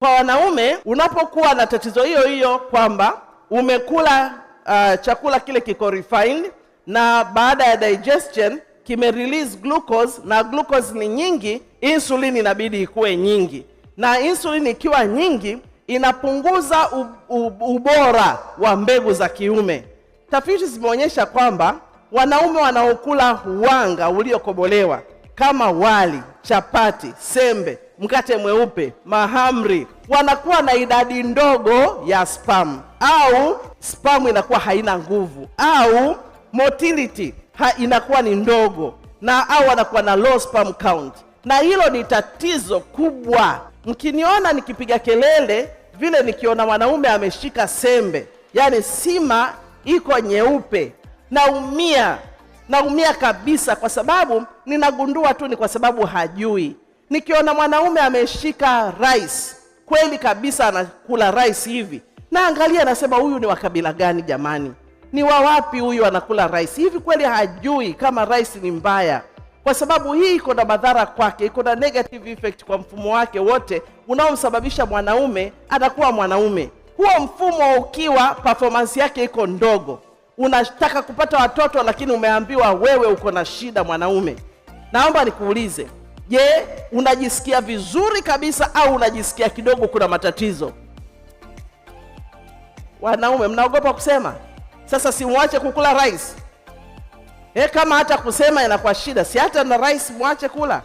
Kwa wanaume, unapokuwa na tatizo hiyo hiyo kwamba umekula uh, chakula kile kiko refined na baada ya digestion kime release glucose na glucose ni nyingi, insulin inabidi ikuwe nyingi, na insulin ikiwa nyingi inapunguza ubora wa mbegu za kiume. Tafiti zimeonyesha kwamba wanaume wanaokula wanga uliokobolewa kama wali, chapati, sembe mkate mweupe, mahamri, wanakuwa na idadi ndogo ya spam au spam inakuwa haina nguvu, au motility ha inakuwa ni ndogo, na au wanakuwa na low spam count, na hilo ni tatizo kubwa. Mkiniona nikipiga kelele vile, nikiona mwanaume ameshika sembe, yani sima iko nyeupe, naumia, naumia kabisa, kwa sababu ninagundua tu ni kwa sababu hajui nikiona mwanaume ameshika rice kweli kabisa, anakula rice hivi, naangalia anasema huyu ni wa kabila gani jamani? Ni wa wapi huyu anakula rice hivi? Kweli hajui kama rice ni mbaya? Kwa sababu hii iko na madhara kwake, iko na negative effect kwa mfumo wake wote unaomsababisha mwanaume anakuwa mwanaume. Huo mfumo ukiwa performance yake iko ndogo, unataka kupata watoto, lakini umeambiwa wewe uko na shida mwanaume. Naomba nikuulize Je, unajisikia vizuri kabisa au unajisikia kidogo kuna matatizo? Wanaume mnaogopa kusema. Sasa simwache kukula rice. Eh, kama hata kusema inakuwa shida, si hata na rice mwache kula.